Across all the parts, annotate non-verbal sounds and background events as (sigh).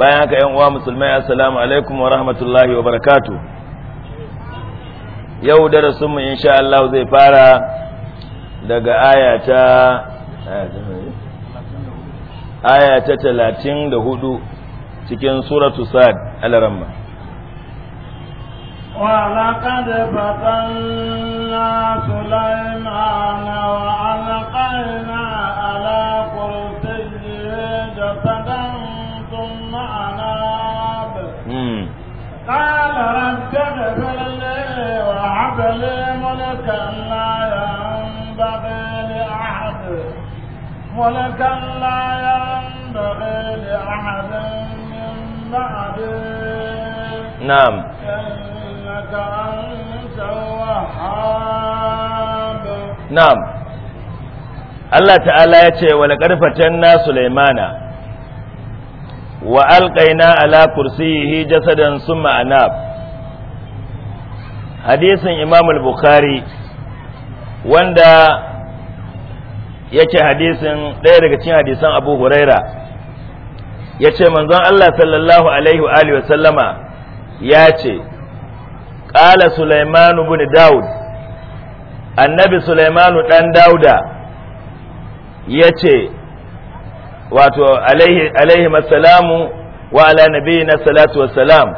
bayan haka yan uwa musulmai assalamu alaikum wa rahmatullahi wa barakatu yau darasin mu insha Allah zai fara daga aya ta aya ta 34 cikin suratu sad al-ramma fatanna sulaymana wa alqayna ala qurtin jatadan أناب قال رب اغفر لي لي ملكا لا ينبغي لأحد ملكا لا ينبغي لأحد من بعدي نعم إنك أنت الوهاب نعم الله تعالى ya ce wa سليمانا wa alƙaina ala kursiyihi jasadan summa anab hadisin imamul bukhari wanda yake hadisin ɗaya daga cikin hadisan abu huraira ya manzon Allah sallallahu alaihi wa alihi sallama ya ce ƙala ibn daud annabi sulaimanu ɗan dauda yace wato alaihi masalamu wa ala nabiyina salatu wassalam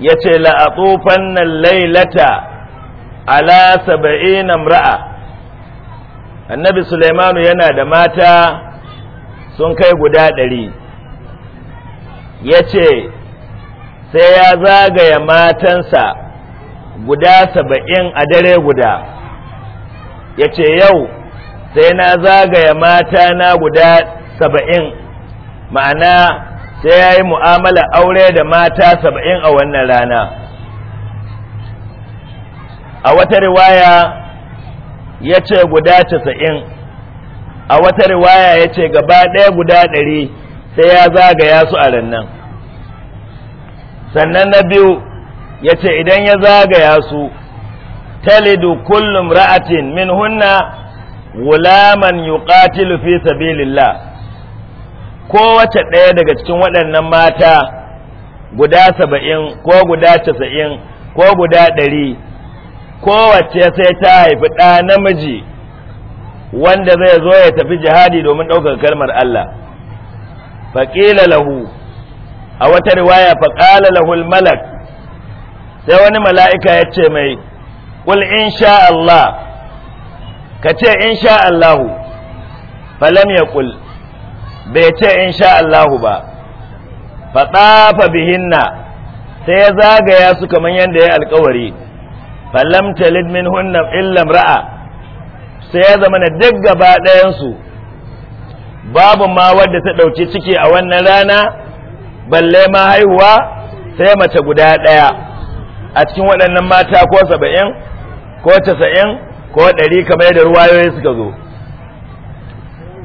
ya ce la'atufan nan lailata ala saba'in ra'a. annabi Sulaimanu yana da mata sun kai guda ɗari ya ce sai ya zagaya matansa guda saba'in a dare guda ya ce yau sai na zagaya matana guda saba'in ma'ana sai ya yi mu'amala aure da mata saba'in a wannan rana a wata riwaya ya ce guda casa'in a wata riwaya ya ce gaba ɗaya guda ɗari sai ya zagaya su a rannan sannan na biyu ya ce idan ya zagaya su talidu kullum ra'atin min hunna gulaman yuqatilu fi sabilillah kowace ɗaya daga cikin waɗannan mata guda saba'in ko guda casa'in ko guda ɗari kowace sai ta haifi ɗa namiji wanda zai zo ya tafi jihadi domin ɗaukar kalmar Allah faƙila lahu a wata riwaya faƙala lahul malak sai wani mala'ika ya ce mai ƙul in sha Allah ka ce in sha Allahu falam ya ƙul bai ce in sha Allahu ba fatsafa bihinna sai ya zagaya su kamar yadda ya alkawari falam talid min hunna illam ra'a sai ya zama na duk gaba ɗayansu babu ma wadda ta ɗauki ciki a wannan rana balle ma haihuwa sai mace guda ɗaya a cikin waɗannan mata ko saba'in ko tasa'in ko ɗari kamar yadda ruwayoyi suka zo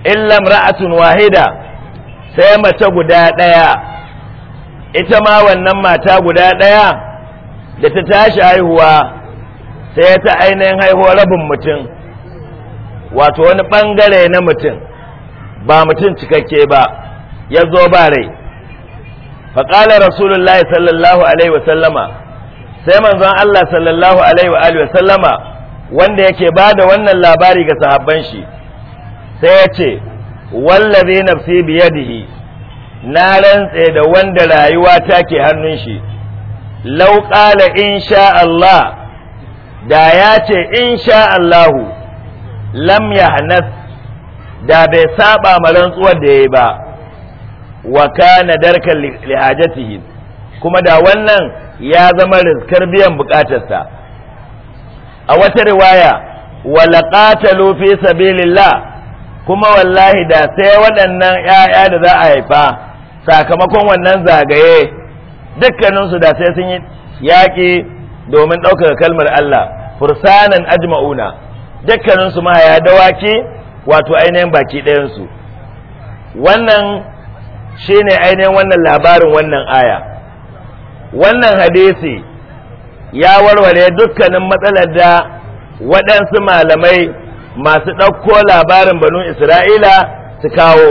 illa ra'atun wahida sai mace guda ɗaya ita ma wannan mata guda ɗaya da ta tashi haihuwa sai ta ainihin haihuwa rabin mutum wato wani ɓangare na mutum ba mutum cikakke ba ya zo ba rai faƙalar rasulullahi sallallahu alaihi wasallama sai manzon Allah sallallahu alaihi wa sallama wanda yake ba da wannan labari ga sahabban shi sai ya ce wallazi nafsi biyadihi na rantse da wanda rayuwa ta ke hannun shi law qala insha Allah da ya ce insha Allahu lam yahnas da bai saba ma rantsuwar da yayi ba wa kana darkan lihajatihi kuma da wannan ya zama rizkar biyan bukatarsa a wata riwaya wa laqatalu fi sabilillah kuma wallahi da sai waɗannan ‘ya'ya da za a haifa sakamakon wannan zagaye dukkaninsu da sai sun yi yaƙi domin ɗaukar kalmar Allah fursanan ajma'una dukkaninsu ma ya dawaki wato ainihin baki ɗayansu wannan shi ne ainihin wannan labarin wannan aya wannan hadisi ya warware dukkanin matsalar da waɗansu malamai masu ɗauko labarin banu isra'ila su kawo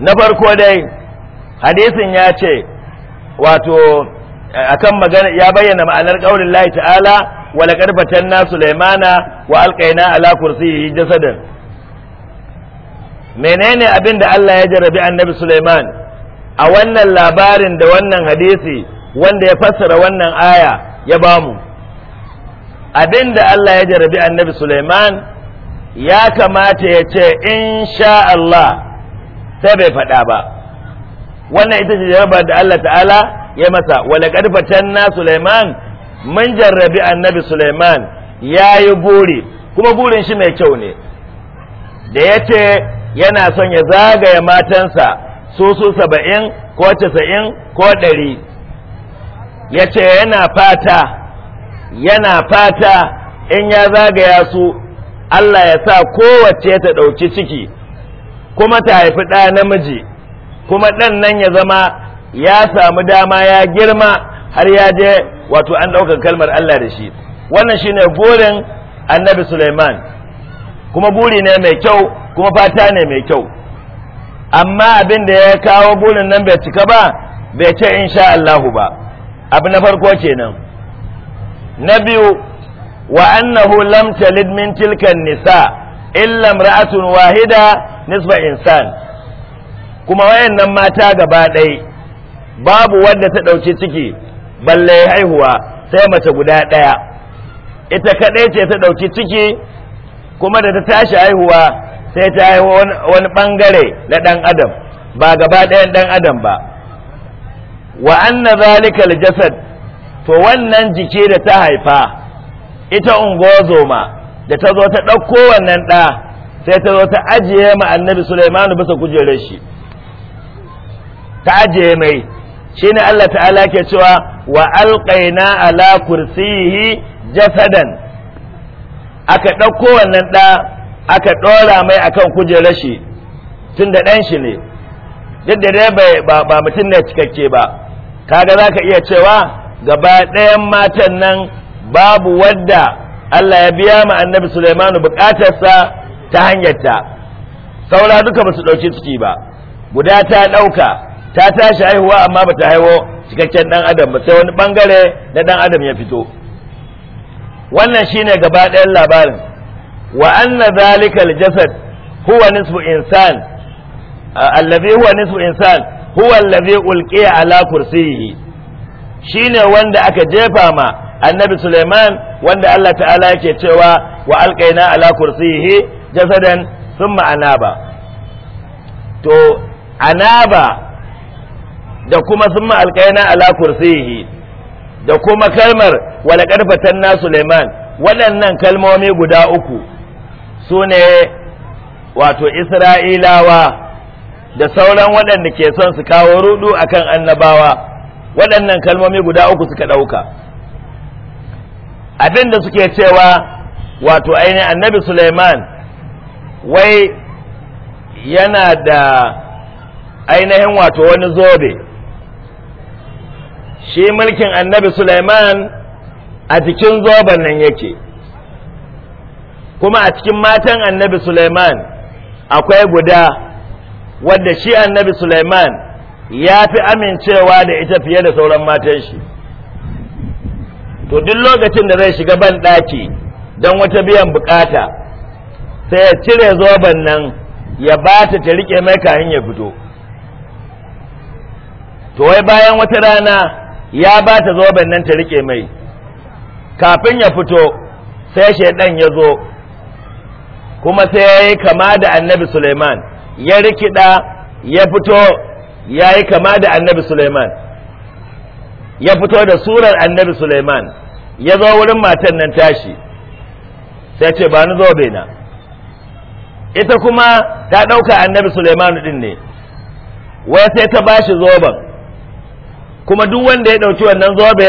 na farko dai hadisin ya ce wato akan magana ya bayyana ma'anar ƙaunin Lai ta'ala wala ƙarfacen na sulaimana wa alƙaina ala yi jasadin menene abin da Allah ya jarabi annabi Sulaiman a wannan labarin da wannan hadisi wanda ya fassara wannan aya ya bamu Abin da Allah ya jarabi annabi Sulaiman ya kamata ya ce insha Allah sai bai faɗa ba wannan ita ce jaraba da Allah ta'ala ya masa wala karfatan na Sulaiman mun jarrabi annabi Sulaiman ya yi buri kuma burin shi mai kyau ne da ya ce yana son ya zagaya matansa su su saba'in ko casa'in ko ɗari ya ce yana fata yana fata in ya zagaya su Allah ya sa kowace ta ɗauki ciki kuma ta haifi ɗa namiji kuma ɗan nan ya zama ya samu dama ya girma har ya je wato an ɗaukar kalmar Allah da shi wannan shi ne burin annabi Sulaiman kuma buri ne mai kyau kuma fata ne mai kyau amma abin da ya kawo burin nan bai cika ba bai ce in sha Allahu ba abu na farko kenan na biyu wa annahu lam talid min tilkan nisa illa imra'atun wahida nisba insan kuma wayannan mata gaba ɗaya babu wanda ta ɗauki ciki balle haihuwa sai mace guda ɗaya ita kaɗai ce ta ɗauki ciki kuma da ta tashi haihuwa sai ta haihu wani ɓangare na ɗan adam ba gaba ɗayan ɗan adam ba wa anna zalika jasad to wannan jiki da ta haifa ita ungozoma da ta zo ta ɗauko wannan ɗa sai ta zo ta ajiye ma annabi Sulaimanu bisa kujerar shi ta ajiye mai shi ne Allah ta'ala ke cewa wa alƙaina ala kursihi jasadan aka ɗauko wannan ɗa aka ɗora mai akan kujerar shi tun da ɗan shi ne duk da dai ba mutum ne cikakke ba kaga za ka iya cewa gaba ɗayan matan nan babu wadda Allah ya biya ma annabi Sulaimanu buƙatarsa ta hanyarta saura duka ba su ɗauki ciki ba guda ta ɗauka ta tashi haihuwa amma ba ta haihuwa cikakken ɗan adam ba sai wani ɓangare na ɗan adam ya fito wannan shine gaba ɗayan labarin wa anna zalika aljasad huwa nisfu insan allazi huwa nisfu insan huwa allazi ulqiya ala shine wanda aka jefa ma annabi Suleiman wanda Allah ta'ala yake cewa wa alqaina ala jasadan thumma anaba to anaba da kuma thumma alqaina ala kursiyihi da kuma kalmar wala karfatan na Suleiman waɗannan kalmomi guda uku su ne wato Isra'ilawa da sauran waɗanda ke son su kawo rudu akan annabawa waɗannan kalmomi guda uku suka ɗauka abin da suke cewa wato ainihin annabi suleiman wai yana da ainihin wato wani zobe shi mulkin annabi suleiman a cikin zoben nan yake kuma a cikin matan annabi suleiman akwai guda wadda shi annabi suleiman ya fi amincewa da ita fiye da sauran matan shi to duk lokacin da zai shiga ban ɗaki don wata biyan bukata sai ya cire zoben nan ya ba ta ta riƙe mai kayan ya fito to wai bayan wata rana ya ba ta zoben nan ta riƙe mai kafin ya fito sai shaidan ya zo kuma sai ya yi kama da annabi suleiman ya rikida ya fito ya yi kama da annabi Suleiman ya fito da surar annabi Suleiman ya zo wurin matan nan tashi sai ce ba ni zo na. ita kuma ta ɗauka annabi Suleiman ɗin ne wai sai ta ba shi zoben kuma duk wanda ya ɗauki wannan zobe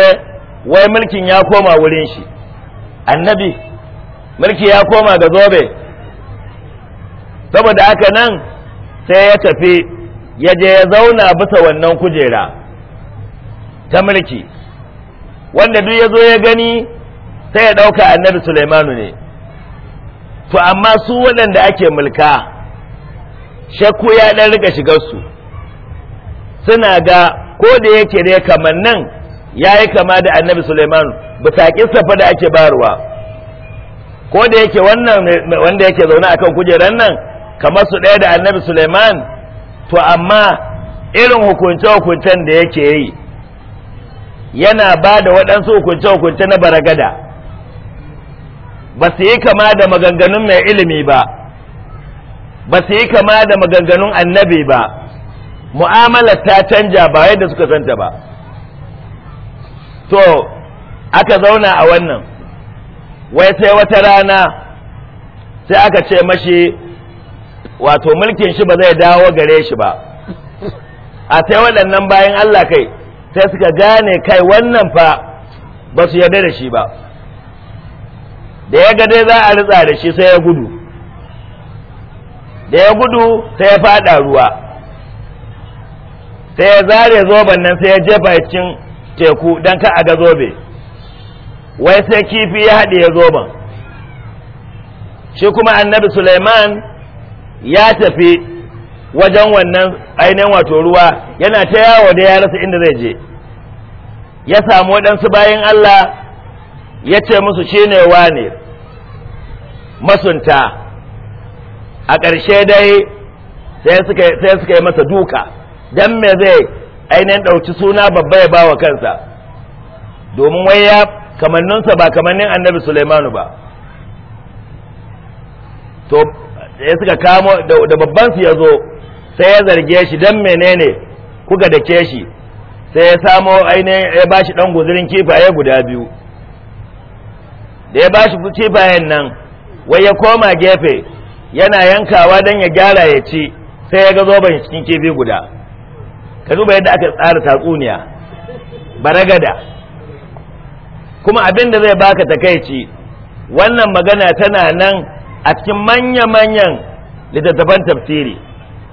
wai mulkin ya koma wurin shi annabi mulki ya koma ga zobe saboda haka nan sai ya tafi ya je ya zauna bisa wannan kujera ta mulki wanda duk ya zo ya gani sai ya ɗauka annabi Sulaimanu ne to amma su waɗanda ake mulka shakku ya ɗan riga shigarsu suna ga ko da yake dai kamar nan ya yi kama da annabi Sulaimanu bisa safa da ake barwa ko da yake wannan wanda yake zaune akan kujerar nan kamar su ɗaya da annabi Sulaiman to amma irin hukunce-hukuncen da yake yi yana ba da waɗansu hukunce-hukunce na baragada ba su yi kama da maganganun mai ilimi ba ba su yi kama da maganganun annabi ba mu'amalar ta canja ba yadda suka santa ba to aka zauna a wannan wai sai wata rana sai aka ce mashi wato mulkin shi ba zai dawo gare shi ba a sai waɗannan bayan Allah kai sai suka gane kai wannan fa ba su yarda da shi ba da ya ga dai za a ritsa da shi sai ya gudu da ya gudu sai ya fada ruwa sai ya zare zoben nan sai ya jefa cikin teku don ka a ga zobe wai sai kifi ya haɗe ya zoben shi kuma annabi Suleiman. ya tafi wajen wannan ainihin wato ruwa yana ta yawo da ya rasa inda zai je ya samu waɗansu bayan Allah ya ce musu shi ne wane masunta a ƙarshe dai sai suka yi masa duka don me zai ainihin ɗauki suna babba ya bawa kansa domin wai ya kamanninsa ba kamannin annabi Suleimanu ba to Da ya suka kamo da babban su ya zo sai ya zarge shi dan menene kuka dake shi sai ya samo ainihin ya bashi dan guzurin kifaye guda biyu da ya bashi kifayen nan wai ya koma gefe yana yankawa dan ya gyara ya ci sai ya ga zoben cikin kifi guda ka duba yadda aka tsara tatsuniya baragada kuma abin da zai baka takaici wannan magana tana nan a cikin manya-manyan littattafan tafsiri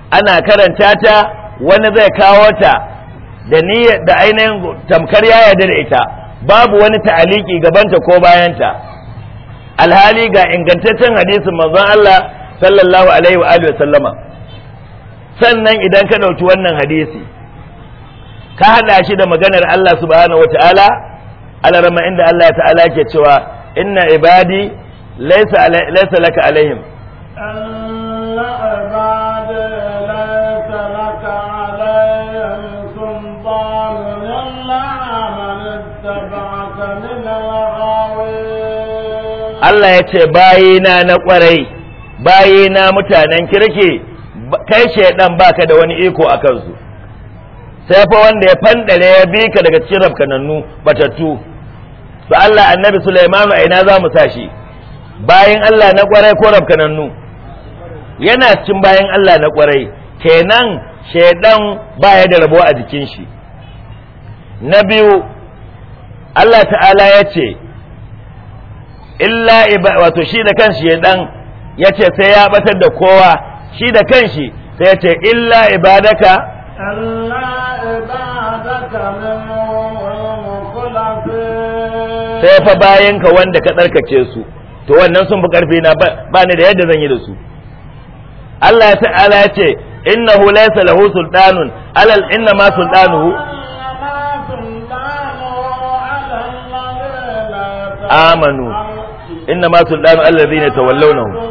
ana karanta ta wani zai kawo ta da da ainihin tamkar ya yarda da ita babu wani ta'aliki gabanta ko bayanta alhali ga ingantaccen hadisin manzon Allah sallallahu alaihi wa alihi sallama sannan idan ka ɗauki wannan hadisi ka haɗa shi da maganar Allah subhanahu wataala alarma inda Allah ta'ala ke cewa inna ibadi laisa laka alaihim Allah ya ce bayina na kwarai bayina mutanen kirki kai shaidan baka da wani iko a kansu sai fa wanda ya fandare ya bi daga cikin rafkanannu batattu to Allah annabi Sulaiman a ina za mu sa shi bayan Allah na kwarai ko rafkanannu yana cikin bayan Allah na kwarai kenan shaidan baya da rabo a jikin shi na biyu Allah ta'ala ya ce illa iba wato shi da kanshi shaidan ya ce sai ya batar da kowa shi da kanshi sai ya ce illa ibadaka sai fa bayanka wanda ka tsarkake su to wannan sun fi karfi na ba ni da yadda zan yi da su Allah ta'ala ya ce innahu laysa lahu sultanun alal inna ma sultanuhu amanu inna ma sultanu alladhina tawallawnahu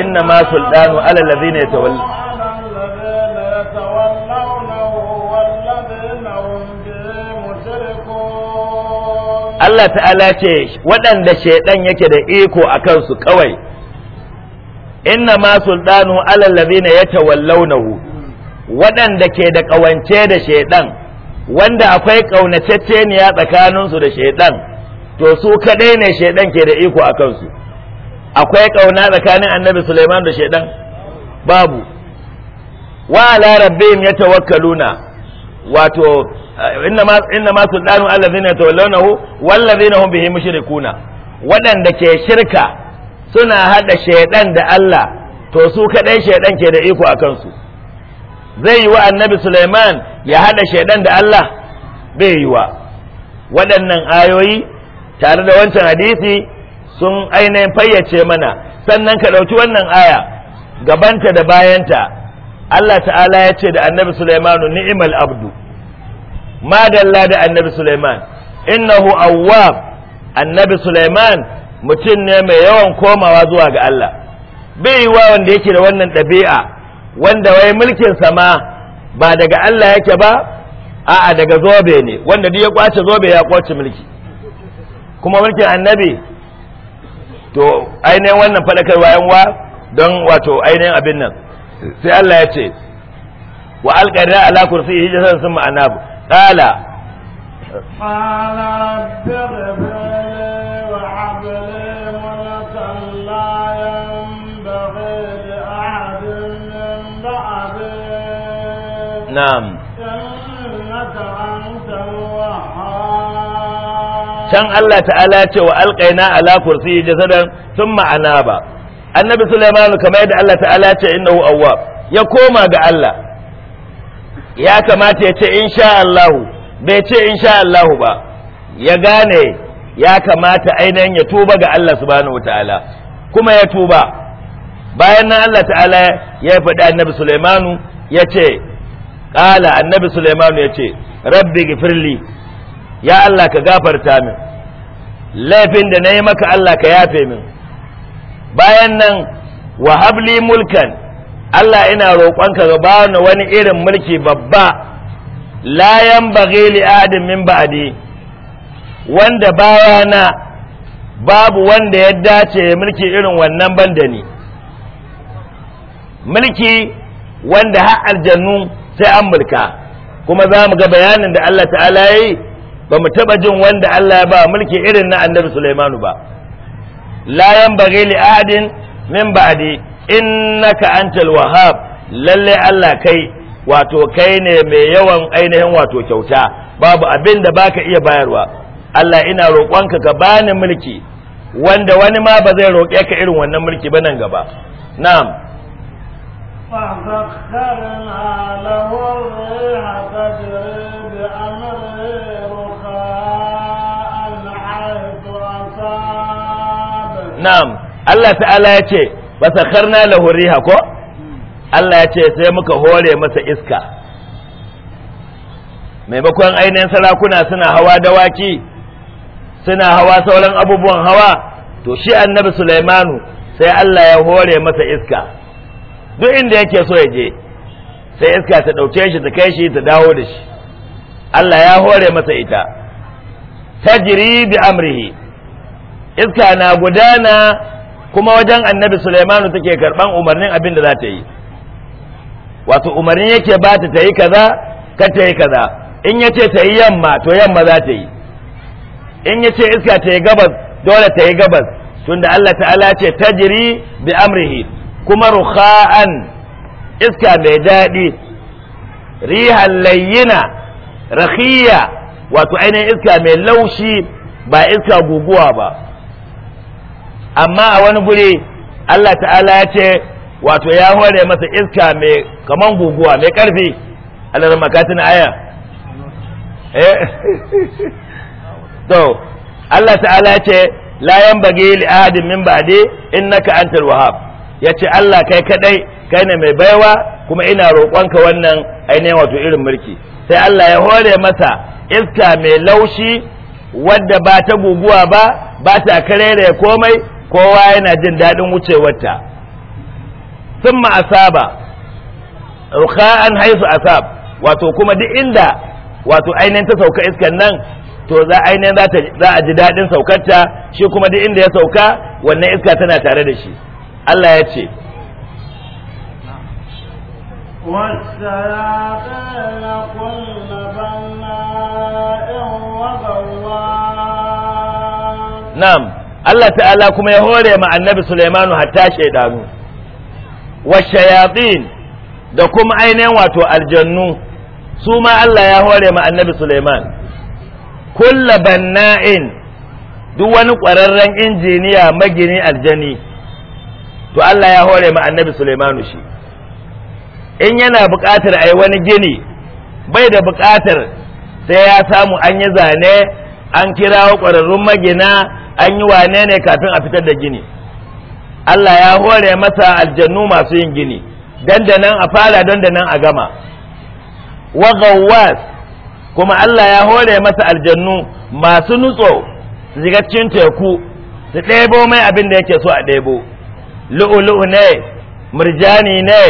إنما سلطان على الذين يتولون Allah ta'ala ce waɗanda shaidan yake da iko a kansu kawai inna ma sultanu alallazina yatawallawnahu waɗanda ke da ƙawance da shaiɗan wanda akwai ƙaunacecceniya tsakaninsu da shaidan to su kaɗai ne shaidan ke da iko a kansu akwai ƙauna tsakanin annabi suleiman da shaidan babu wa ala rabbihim yatawakkaluna wato innama innama sultanu allazina yatawallawnahu wallazina hum bihi mushrikuna waɗanda ke shirka suna hada shaidan da Allah to su kadai shaiɗan ke da iko akan su zai yi wa annabi Sulaiman ya hada shaiɗan da Allah bai yi wa waɗannan ayoyi tare da wancan hadisi sun ainihin fayyace mana sannan ka ɗauki wannan aya gabanta da bayanta Allah ta'ala ya ce da annabi Suleimanu ni'imal abdu Ma madalla da annabi Sulaiman innahu awwab annabi Suleiman mutum ne mai yawan komawa zuwa ga Allah bai wa wanda yake da wannan ɗabi'a wanda wai mulkin sama ba daga Allah yake ba a'a daga zobe ne wanda duk ya kwace zobe ya kwace mulki kuma mulkin annabi to ainihin wannan faɗakarwa yanwa don wato ainihin abin nan sai Allah ya ce wa alƙarra ala kursiyi hijasan sun ma'anabu قال قال رب اغفر لي وهب ملكا لا ينبغي لأحد من بعدي نعم إنك أنت كان الله تعالى ألقينا على كرسي جسدا ثم أناب النبي سليمان كما يدعى الله تعالى إنه أواب يقوم بأ ya kamata ya ce insha Allahu bai ce insha Allahu ba ya gane ya kamata ainihin ya tuba ga Allah subhanahu wataala kuma ya tuba bayan nan Allah ta'ala ya faɗi annabi Sulaimanu ya ce ƙala annabi Sulaimanu ya ce rabbi gifirli ya Allah ka gafarta min laifin da na yi maka Allah ka yafe min bayan nan wahabli mulkan Allah ina roƙonka ga bani wani irin mulki babba layan bagili adin min ba'di wanda bayana babu wanda ya dace mulki irin wannan banda ni mulki wanda har aljannu sai an mulka kuma za mu ga bayanin da Allah ta'ala ya yi ba mu taɓa jin wanda Allah ya ba mulki irin na annabi Sulaimanu ba layan bagili adin min ba'di innaka antal wahab lalle Allah kai wato kai ne mai yawan ainihin wato kyauta babu abin da baka iya bayarwa Allah ina roƙonka ka bani mulki wanda wani ma ba zai roƙe ka irin wannan mulki ba nan gaba na'am Na'am. Allah ya ce ba sakarna lahu ko Allah ya ce sai muka hore masa iska maimakon ainihin sarakuna suna hawa dawaki suna hawa sauran abubuwan hawa to shi annabi Sulaimanu sai Allah ya hore masa iska duk inda yake so ya je sai iska ta ɗauke shi ta kai shi ta dawo da shi Allah ya hore masa ita tajiri bi amrihi iska na gudana kuma wajen annabi Sulaimanu take karban umarnin abin da za ta yi wato umarnin yake ba ta yi kaza ka ta yi kaza in yace ta yi yamma to yamma za ta yi in yace iska ta yi gabas dole ta yi gabas tunda Allah ta'ala ce tajiri bi amrihi kuma rukha'an iska mai daɗi rihan layyina rakhiya wato ainihin iska mai laushi ba iska guguwa ba amma a wani guri Allah ta'ala ya ce wato ya hore masa iska mai kaman guguwa mai karfi Allah makatin aya eh (laughs) to Allah ta'ala ya ce la bage li ahadin min ba'di innaka antal wahhab ce Allah kai kadai kai ne mai baiwa kuma ina roƙonka wannan ainihin wato irin mulki sai Allah ya hore masa iska mai laushi wadda ba ta guguwa ba ba ta karere komai kowa yana jin daɗin wucewarta sun asaba an haisu asab wato kuma duk inda wato ainihin ta sauka iskan nan to za ainihin za a ji daɗin saukarta shi kuma duk inda ya sauka wannan iska tana tare da shi Allah ya ce Nam. Allah ta'ala kuma ya hore ma annabi Sulaimanu hatta shaidanu wa shayatin da kuma ainihin wato aljannu su ma Allah ya hore ma annabi Sulaiman kulla banna'in duk wani ƙwararren injiniya magini aljani to Allah ya hore ma annabi Sulaimanu shi in yana buƙatar a yi wani gini bai da buƙatar sai ya samu an yi zane an kirawo ƙwararrun magina an yi wane ne kafin a fitar da gini Allah ya hore masa aljannu masu yin gini dandanan a fara dandanan a gama wa gawwas kuma Allah ya hore masa aljannu masu nutso zigaccin teku su ɗebo mai abin da yake so a ɗebo lu'ulu'u ne murjani ne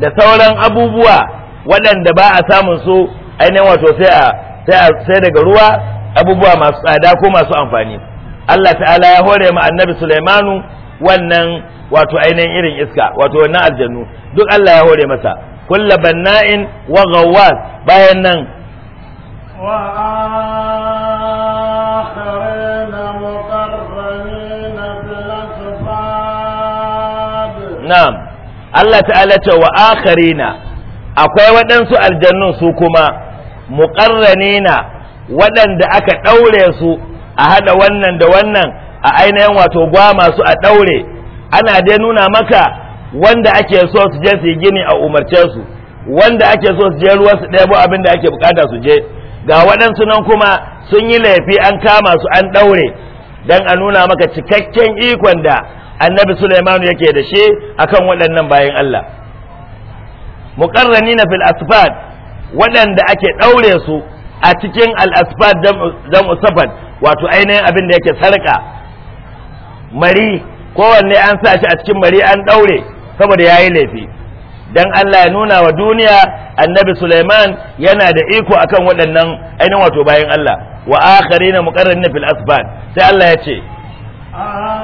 da sauran abubuwa waɗanda ba a samun su ainihin wato sai daga ruwa abubuwa masu tsada ko masu amfani Allah ta'ala ya hore ma annabi Sulaimanu wannan wato ainihin irin iska wato wannan aljannu duk Allah ya hore masa kulla banna'in wa ghawwas bayan nan wa akharina muqarranina fil asfad na'am Allah ta'ala ce wa akharina akwai waɗansu aljannun su kuma muqarranina waɗanda aka ɗaure su a haɗa wannan da wannan a ainihin wato gwa masu a ɗaure ana dai nuna maka wanda ake so su je su yi gini a umarce su wanda ake so su je ruwa su ɗebo abin da ake bukata su je ga waɗansu nan kuma sun yi laifi an kama su an ɗaure don a nuna maka cikakken ikon da annabi sulaimanu yake da shi a kan waɗannan bayan Allah muƙarrani na fil asfad waɗanda ake ɗaure su a cikin al asfad jam'u safad wato ainihin abin da yake sarka mari kowanne an sa shi a cikin mari an daure saboda yayi laifi dan Allah ya nuna wa duniya annabi Sulaiman yana da iko akan waɗannan ainihin wato bayan Allah wa akharina muqarranina fil asbad sai Allah ya ce ah,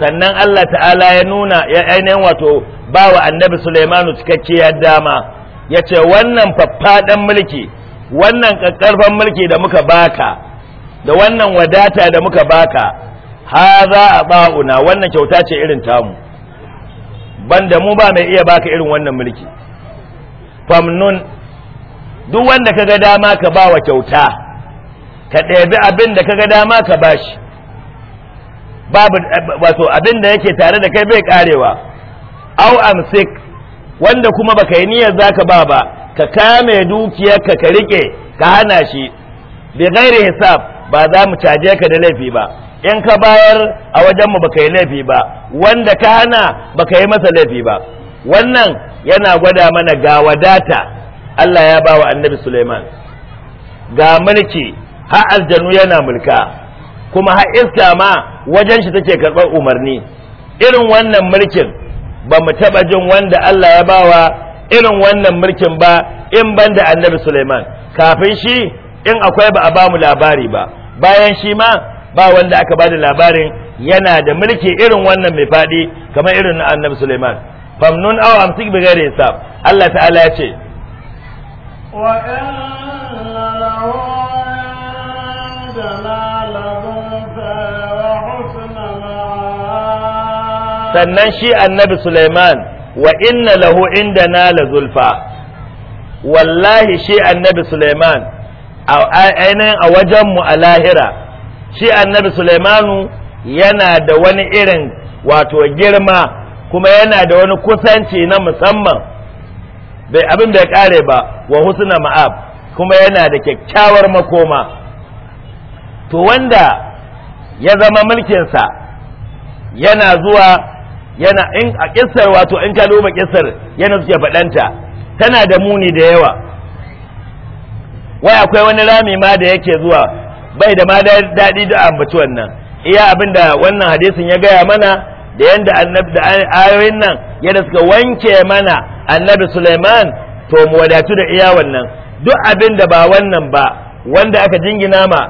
sannan Allah ta'ala ya nuna ya ainihin wato ba wa annabi Sulaimanu cikakkiyar dama ya ce wannan faffaɗan mulki wannan ƙaƙƙarfan mulki da muka baka da wannan wadata da muka baka ha za a ba'una wannan kyauta ce irin tamu banda mu ba mai iya baka irin wannan mulki famnun duk wanda kaga dama ka ba wa kyauta ka ɗebi abin da kaga dama ka bashi babu wato abin da yake tare da kai bai karewa au amsik wanda kuma baka yi niyyar zaka ba ba ka kame dukiyarka ka rike ka hana shi bi ghairi hisab ba za mu caje ka da laifi ba in ka bayar a wajen mu baka yi laifi ba wanda ka hana baka yi masa laifi ba wannan yana gwada mana ga wadata Allah ya ba wa annabi Suleiman ga mulki har aljanu yana mulka kuma har iska ma wajen shi take karɓar umarni irin wannan mulkin ba mu taɓa jin wanda Allah ya bawa irin wannan mulkin ba in banda annabi Suleiman kafin shi in akwai ba a ba mu labari ba bayan shi ma ba wanda aka bada labarin yana da mulki irin wannan mai faɗi kamar irin na annabi Suleiman famnun aw amsik bi ghairi hisab Allah ta'ala ya ce wa sannan shi annabi Sulaiman wa inna lahu indana la zulfa wallahi shi annabi Sulaiman ainihin a wajenmu a lahira shi annabi Sulaimanu yana da wani irin wato girma kuma yana da wani kusanci na musamman bai abin bai kare ba wa husna ma'ab kuma yana da kyakkyawar makoma to wanda ya zama mulkinsa yana zuwa yana in a kissar wato in kalo ba kissar yana suke faɗanta tana da muni da yawa wai akwai wani rami ma da yake zuwa bai da ma daɗi da ambaci wannan iya abin da wannan hadisin ya gaya mana da yanda annabi da ayoyin nan yadda suka wanke mana annabi Suleiman to mu wadatu da iya wannan duk abin da ba wannan ba wanda aka jingina ma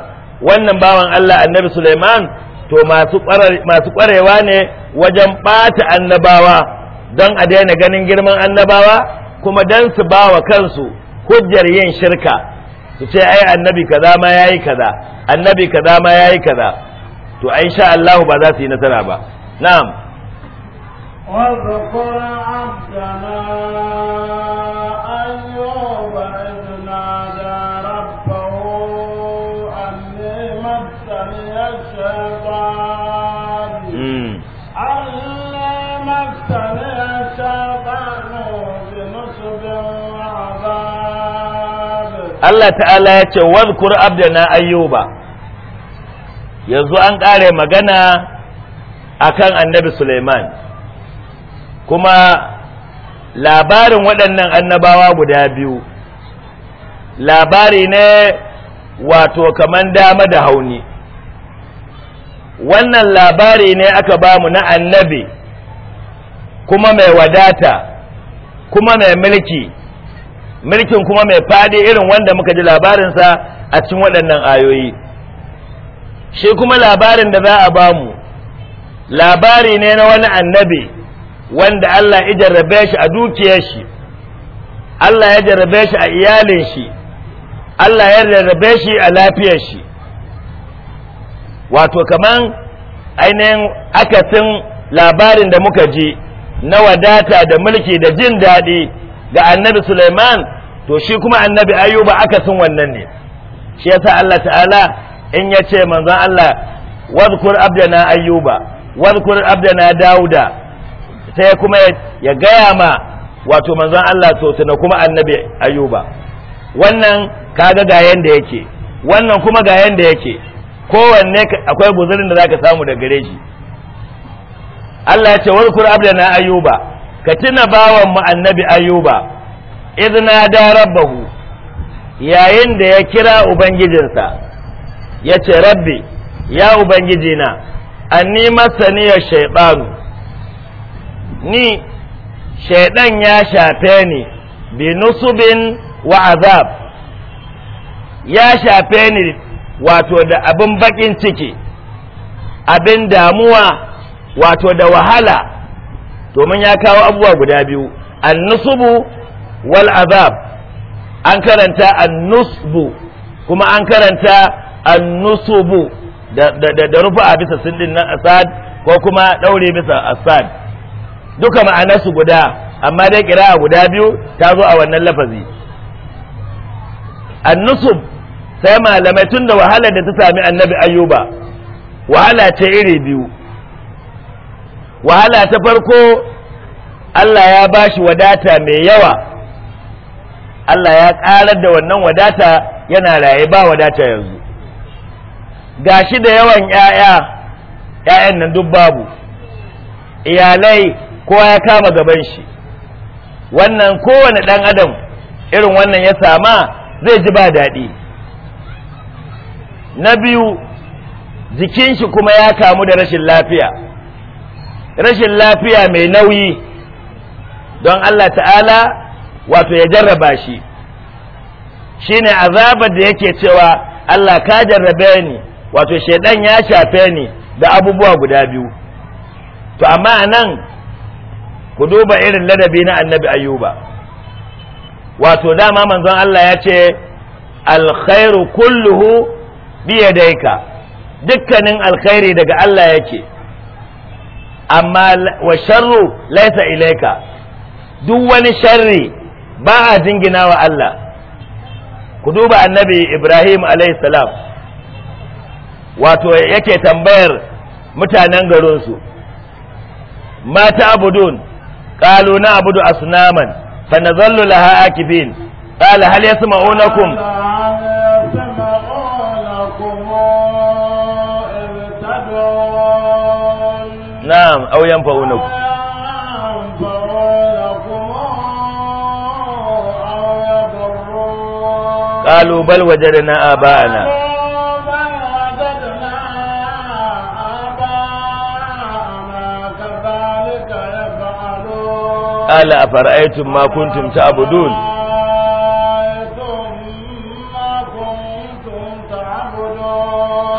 wannan bawan Allah annabi Suleiman to masu ƙwarewa ne wajen ɓata annabawa don a daina ganin girman annabawa kuma don su ba wa kansu hujjar yin shirka su ce ai annabi kaza ma yayi kaza annabi kaza ma yayi kaza to ai sha Allah ba za su yi nasara ba na'am Allah ta'ala ya ce wadhkur abdana ayyuba yanzu an ƙare magana akan annabi Suleiman kuma labarin waɗannan annabawa guda biyu labari ne wato kaman dama da hauni wannan labari ne aka bamu na annabi kuma mai wadata kuma mai mulki mulkin kuma mai fadi irin wanda muka ji labarinsa a cikin waɗannan ayoyi shi kuma labarin da za a bamu labari ne na wani annabi wanda Allah ya jarrabe shi a dukiyar shi Allah ya jarrabe shi a iyalin shi Allah ya jarrabe shi a lafiyar shi wato kaman ainihin akasin labarin da muka ji na wadata da mulki da jin daɗi ga annabi Suleiman to shi kuma annabi ayyuba akasin wannan ne shi yasa Allah ta'ala in ya ce manzon Allah wadhkur abdana ayyuba wadhkur abdana dauda sai kuma ya gaya ma wato manzon Allah to tuna kuma annabi ayyuba wannan kaga ga yanda yake wannan kuma ga yanda yake kowanne akwai buzurin da zaka samu da gare shi Allah ya ce wadhkur abdana ayyuba ka tuna bawan mu annabi ayyuba idna da rabbahu yayin da ya kira ubangijinsa ya ce rabbi ya ubangijina anni saniya shaiɗanu ni shaiɗan ya shafe ni bi nusubin wa azab ya shafe ni wato da abin bakin ciki abin damuwa wato da wahala domin ya kawo abubuwa guda biyu annusubu wal azab an karanta an-nusbu kuma an karanta an-nusubu da da rufa bisa ko kuma daure bisa asad duka ma'anarsu guda amma dai kira'a guda biyu ta zo a wannan lafazi annusub nusub sai malamai tun da wahalar da ta sami annabi ayuba wahala ce iri biyu wahala ta farko Allah ya ba shi wadata mai yawa Allah ya ƙarar da wannan wadata yana raye ba wadata yanzu gashi da yawan ‘ya'ya ‘ya'yan nan duk babu iyalai kowa ya kama gaban shi wannan kowane ɗan adam irin wannan ya sama zai ji ba daɗi na biyu jikin shi kuma ya kamu da rashin lafiya rashin lafiya mai nauyi don Allah ta'ala wato ya jarraba shi shine azabar da yake cewa Allah ka jarrabe ni wato shaidan ya shafe ni da abubuwa guda biyu to amma anan ku duba irin ladabi na annabi ayuba wato dama manzon Allah ya ce alkhairu kulluhu biyadaika dukkanin alkhairi daga Allah yake amma wa sharru laisa ilaika duk wani sharri ba a jingina wa Allah ku duba annabi Ibrahim salam wato yake tambayar mutanen garinsu mata abudun ƙalu na abudu asnaman fa na zallu laha akibin ƙala hal yasma'unakum na'am auyan fa'unakum قالوا بل وجدنا آباءنا قال أفرأيتم ما كنتم تعبدون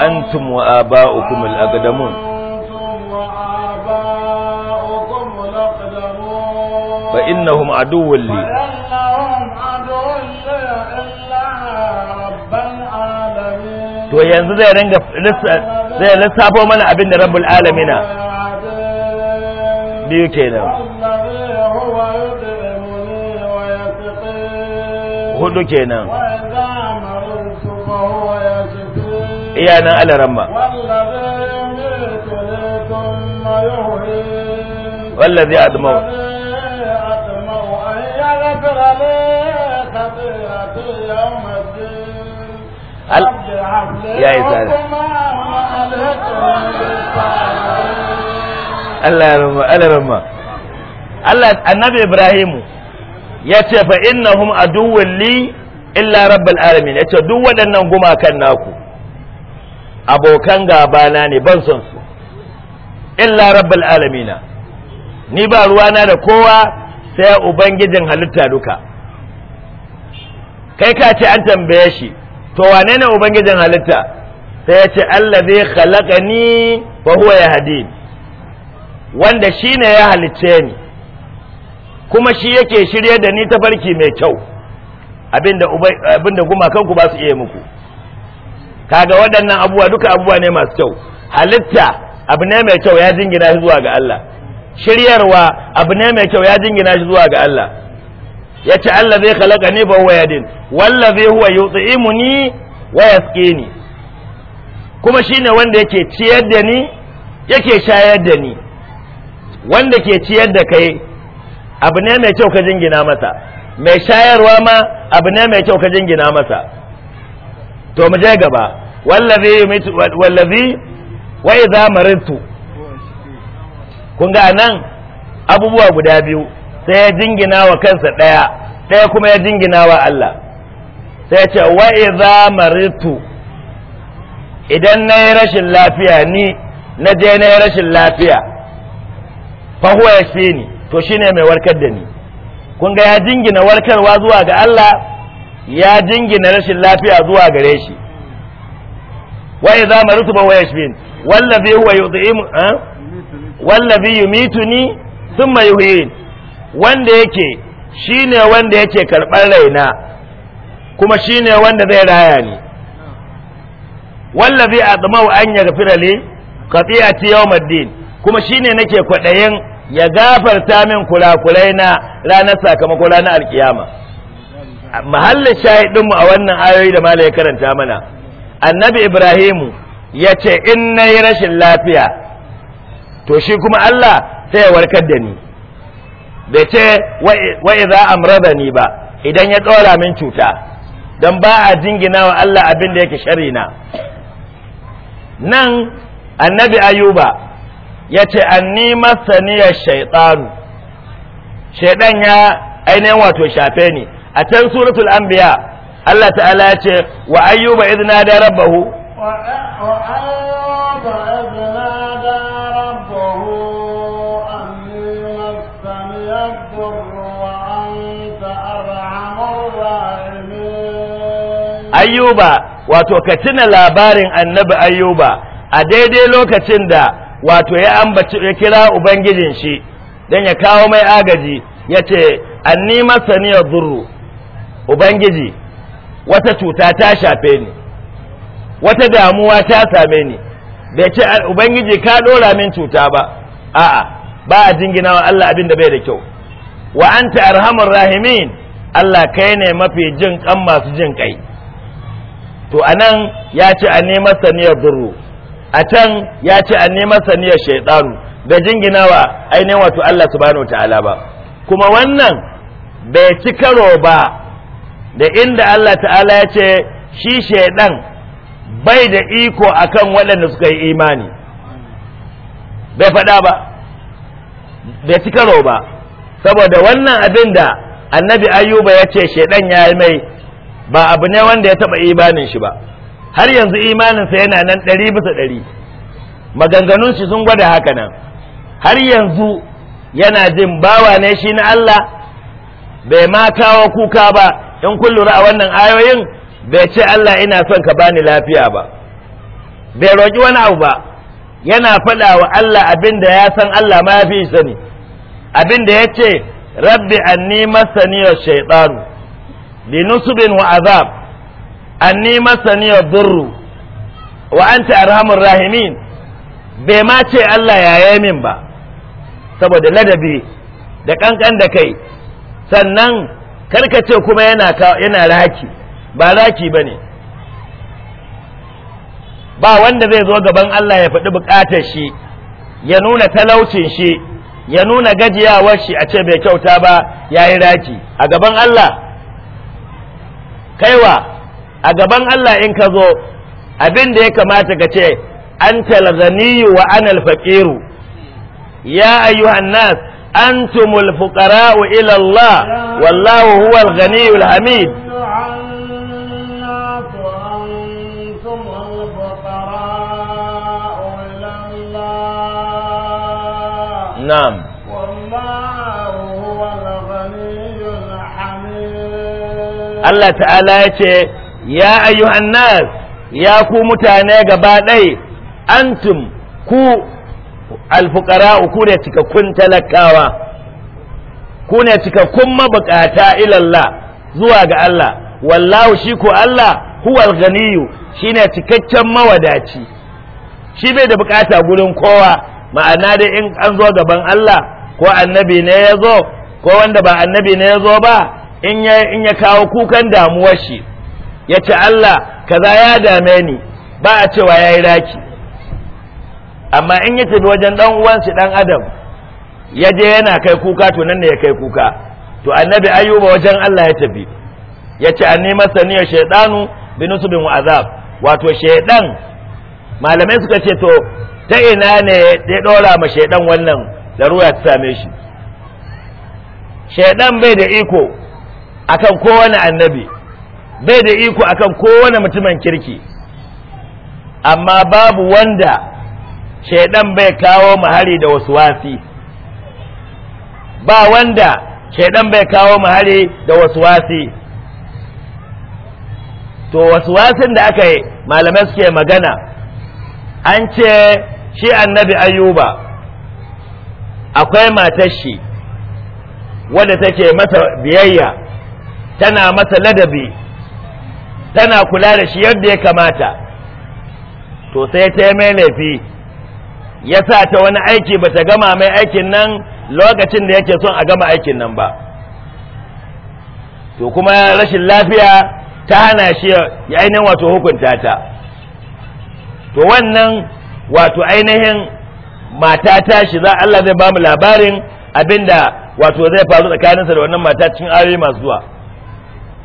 أنتم وآباؤكم الأقدمون فإنهم عدو لي to yanzu zai ringa zai lissafo mana abin da rabbul alamina biyu kenan hudu kenan iya nan alaramma wallazi admau ya yi Allah ya rama Allah rama Allah annabi Ibrahim ya ce fa innahum aduwwun li illa rabbal alamin ya ce duk waɗannan gumakan naku abokan gabana ne ban son su illa rabbal alamina ni ba ruwana da kowa sai ubangijin halitta duka kai ka ce an tambaye shi to wane ne ubangijin halitta sai ya ce Allah zai halaka ni fa huwa ya hadi wanda shi ne ya halicce ni kuma shi yake shirye da ni ta farki mai kyau abinda gumakan ku ba su iya muku kaga waɗannan abubuwa duka abubuwa ne masu kyau halitta abu ne mai kyau ya jingina shi zuwa ga Allah shiryarwa abu ne mai kyau ya jingina shi zuwa ga Allah ya ce Allah zai halaka ne ba wayadin walla zai huwa yutsimu ni wa suke ni kuma shine wanda yake ciyar da ni yake shayar da ni wanda ke ciyar da kai abu ne mai kyau ka jingina masa mai shayarwa ma abu ne mai kyau ka jingina masa to mu je gaba wallazi wallazi wa idza maridtu kun ga nan abubuwa guda biyu sai ya jingina wa kansa ɗaya ɗaya kuma ya jingina wa Allah sai ya ce wa iza maritu idan na yi rashin lafiya ni na je na yi rashin lafiya fa huwa yashfini to shine mai warkar da ni kun ga ya jingina warkarwa zuwa ga Allah ya jingina rashin lafiya zuwa gare shi wa iza maritu fa huwa yashfini wallazi huwa yudhimu eh? wallazi yumituni thumma yuhyini wanda yake ne wanda yake karɓar raina kuma shi ne wanda zai raya ni wallazi azmau an yaghfira li qati'ati maddin kuma shi shine nake kwaɗayin ya gafarta min kurakurai na ranar sakamako ranar alkiyama mahallin shahidinmu a wannan ayoyi da ya karanta mana annabi ibrahimu ya ce in na yi rashin lafiya to shi kuma allah sai ya warkar da ni bai ce wai za amrada ni ba idan ya ɗora min cuta don ba a jingina wa Allah abin da yake sharina nan annabi ayuba ya ce anni masaniyar shaitanu shaidan ya ainihin wato shafe ni a can suratul anbiya Allah ta'ala ya ce wa ayuba idna da rabbahu wa ayyuba wato ka tuna labarin annabi ayyuba a daidai lokacin da wato ya ambaci ya kira ubangijin shi dan ya kawo mai agaji ya ce anni masaniya zurru ubangiji wata cuta ta shafe ni wata damuwa ta same ni bai ce ubangiji ka dora min cuta ba a'a ba a jingina wa Allah abin da bai da kyau wa anta arhamur rahimin Allah kai ne mafi jin kan masu jin kai to anan ya ce a nema saniyar duru a can ya ce a nema saniyar shaidaru da jinginawa ainihin wato Allah subhanahu ta'ala ba kuma wannan bai ci karo ba da inda Allah ta'ala ya ce shi shaidan bai da iko akan waɗanda suka yi imani bai faɗa ba bai ci karo ba saboda wannan abin da annabi Ayuba ya ce shaidan ya yi mai ba abu ne wanda ya taba imanin shi ba har yanzu imanin sa yana nan ɗari bisa ɗari maganganun shi sun gwada haka nan har yanzu yana jin bawa ne shi na Allah bai ma kawo kuka ba in kun lura a wannan ayoyin bai ce Allah ina son ka bani lafiya ba bai roƙi wani abu ba yana faɗa wa Allah abin da ya san Allah ma fi sani abin da ya ce rabbi anni masani shaytanu bi nusubin wa azab anni masani yadurru wa anta arhamur rahimin bai ma ce Allah yaye min ba saboda ladabi da kankan da kai sannan karka ce kuma yana yana raki ba raki bane ba wanda zai zo gaban Allah ya faɗi buƙatar shi ya nuna talaucin shi ya nuna gajiyawar shi a ce bai kyauta ba yayi raki a gaban Allah kaiwa a gaban Allah in ka zo abin da ya kamata ka ce an talganiyu wa anal faqiru ya ayyuhan nas antumul fuqara'u ila Allah wallahu huwal ghaniyul hamid نعم Allah ta'ala ya ce ya ayyuhan nas ya ku mutane gaba ɗai antum ku alfuqara ku ne cikakkun talakawa ku ne cikakkun mabukata ilallah zuwa ga Allah wallahu shi ku Allah huwal ganiyu ne cikakken mawadaci shi bai da bukata gurin kowa ma'ana dai in an zo gaban Allah ko annabi ne ya zo ko wanda ba annabi ne ya zo ba in ya ya kawo kukan damuwar shi ya ce Allah kaza ya dame ni ba a cewa ya yi raki amma in ya tafi wajen dan uwansa dan adam ya je yana kai kuka to nan ne ya kai kuka to annabi ayyuba wajen Allah ya tafi ya ce an nema saniyar shaidanu binusubin wa azab wato shaidan malamai suka ce to ta ina ne ya dora ma shaidan wannan da ruwa ta same shi shaidan bai da iko akan kowane annabi bai da iko akan kowane mutumin kirki amma babu wanda shaidan bai kawo mahari da wasu wasi ba wanda shaidan bai kawo mahari da wasu wasi to wasu wasin da aka yi malamai suke magana an ce shi annabi ayuba akwai matar shi wadda take masa biyayya tana masa ladabi tana kula da shi yadda ya kamata to sai ta yi mai laifi ya sa ta wani aiki ba ta gama mai aikin nan lokacin da yake son a gama aikin nan ba to kuma rashin lafiya ta hana shi ya ainihin wato hukunta ta to wannan wato ainihin mata shi za Allah zai ba mu labarin abinda wato zai faru tsakaninsa da wannan mata cikin ayoyi masu zuwa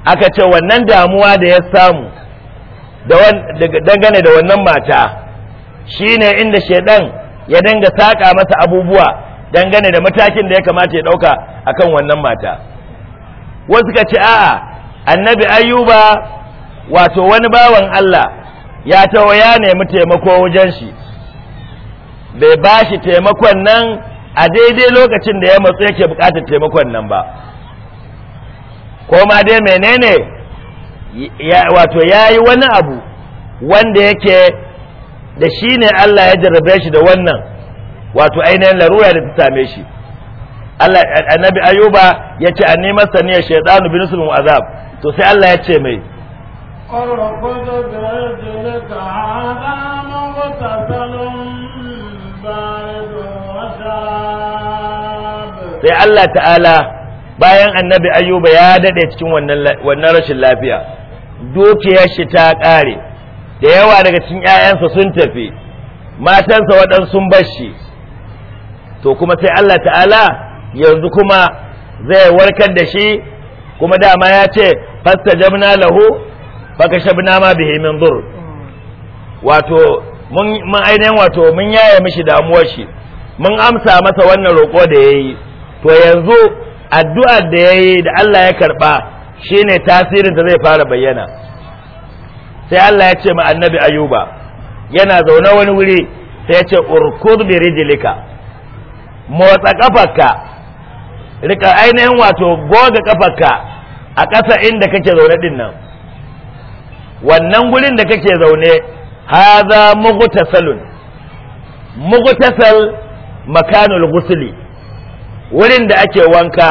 aka ce wannan damuwa da ya samu dangane da wannan mata shine inda shaidan ya dinga saƙa masa abubuwa dangane da matakin da ya kamata ya ɗauka akan wannan mata wasu ka ce a'a annabi ayyuba wato wani bawan Allah ya taho ya nemi taimako wajen shi bai ba shi taimakon nan a daidai lokacin da ya matsu yake bukatar taimakon nan ba ko ma dai menene wato ya yi wani abu wanda yake da shi ne Allah ya jarrabe shi da wannan wato ainihin larura da ta same shi Allah annabi ayuba ya ce an nema saniyar shaitanu bin sulmu azab to sai Allah ya ce mai sai Allah ta'ala bayan annabi ayyuba ya daɗe cikin wannan rashin lafiya dukiyar shi ta ƙare da yawa daga cikin 'ya'yansa sun tafi matansa waɗansu sun bar to kuma sai Allah ta'ala yanzu kuma zai warkar da shi kuma dama ya ce jamna lahu shabna ma bihi min dur wato mun ainihin wato mun yaye mishi damuwar shi mun amsa masa wannan roƙo da yayi to yanzu addu'ar da ya yi da Allah ya karɓa shine tasirin da zai fara bayyana sai Allah ya ce ma annabi ayuba yana zaune wani wuri sai ya ce urkud bi rijlika motsa kafarka rika ainihin wato goga kafarka a ƙasa inda kake zaune din nan wannan gurin da kake zaune haza mughtasalun mughtasal makanul ghusli wurin da ake wanka